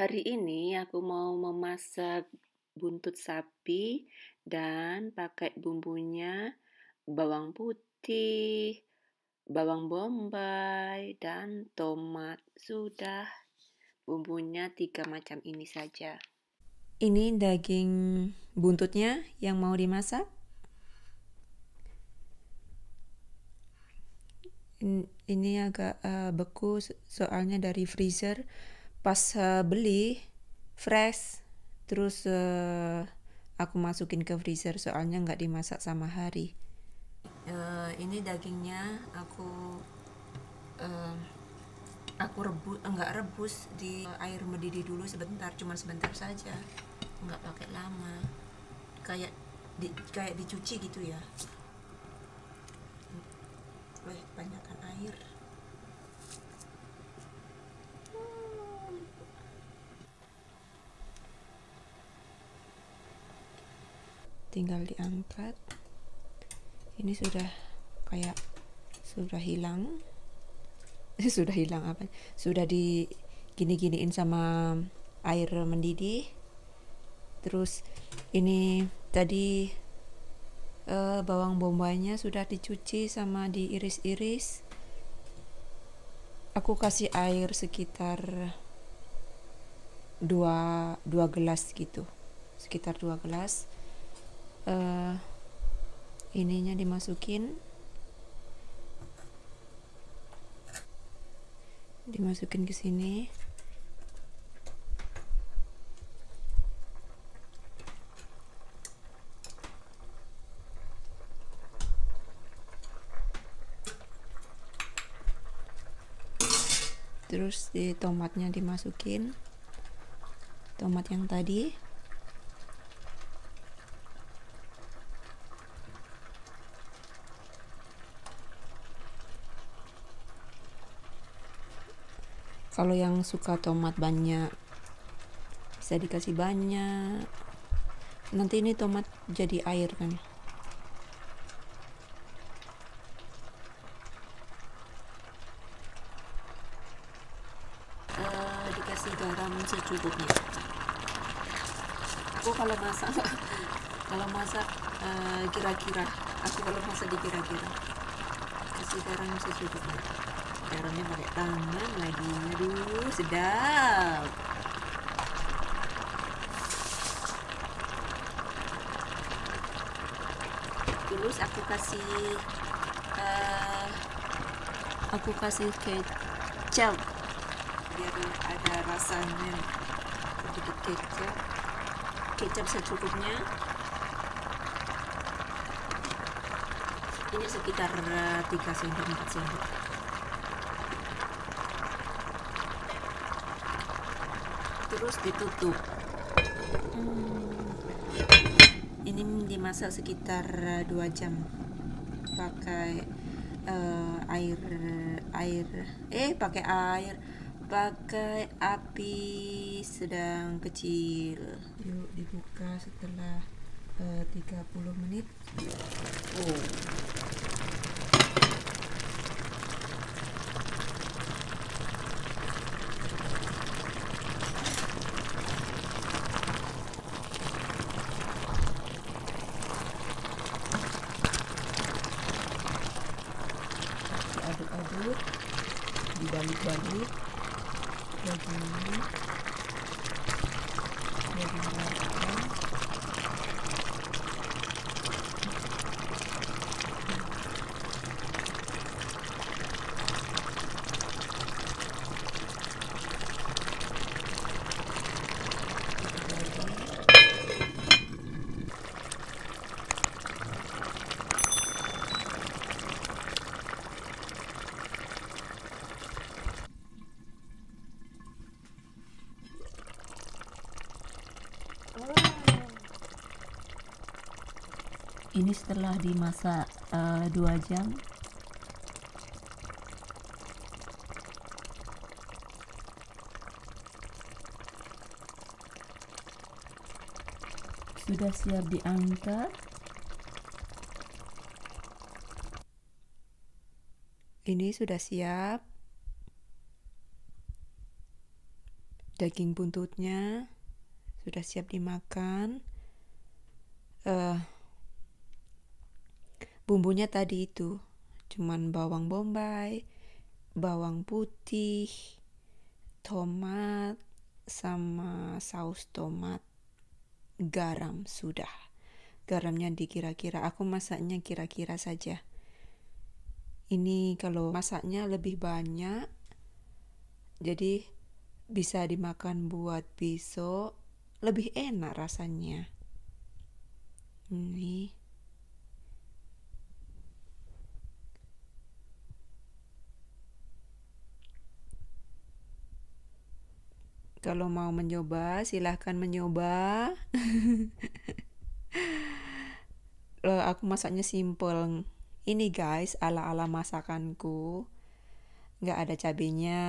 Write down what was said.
Hari ini aku mau memasak buntut sapi dan pakai bumbunya bawang putih, bawang bombay, dan tomat. Sudah bumbunya tiga macam ini saja. Ini daging buntutnya yang mau dimasak. Ini agak eh, beku soalnya dari freezer pas uh, beli fresh terus uh, aku masukin ke freezer soalnya nggak dimasak sama hari uh, ini dagingnya aku uh, aku rebus enggak rebus di air mendidih dulu sebentar cuma sebentar saja nggak pakai lama kayak di, kayak dicuci gitu ya banyakkan air tinggal diangkat ini sudah kayak sudah hilang sudah hilang apa sudah di gini-giniin sama air mendidih terus ini tadi eh, bawang bombaynya sudah dicuci sama diiris-iris aku kasih air sekitar dua dua gelas gitu sekitar dua gelas uh, ininya dimasukin dimasukin ke sini terus di tomatnya dimasukin tomat yang tadi kalau yang suka tomat banyak bisa dikasih banyak nanti ini tomat jadi air kan eh, dikasih garam secukupnya aku kalau masak kalau masak eh, kira-kira kira -kira. aku kalau masak dikira-kira kasih garam secukupnya terongnya pakai tangan lagi aduh sedap terus aku kasih uh, aku kasih kecap biar ada rasanya sedikit kecap kecap secukupnya ini sekitar 3 eh, sendok 4 sendok terus ditutup hmm. ini dimasak sekitar eh, dua jam pakai uh, air air eh pakai air pakai api sedang kecil yuk dibuka setelah eh, uh, 30 menit oh dulu dibalik-balik bagian ini Ini setelah dimasak uh, eh, jam. Sudah siap diangkat. Ini sudah siap. Daging buntutnya sudah siap dimakan. Uh, bumbunya tadi itu cuman bawang bombay, bawang putih, tomat, sama saus tomat, garam sudah. Garamnya dikira-kira, aku masaknya kira-kira saja. Ini kalau masaknya lebih banyak, jadi bisa dimakan buat besok lebih enak rasanya ini kalau mau mencoba silahkan mencoba Loh, aku masaknya simple ini guys ala-ala masakanku nggak ada cabenya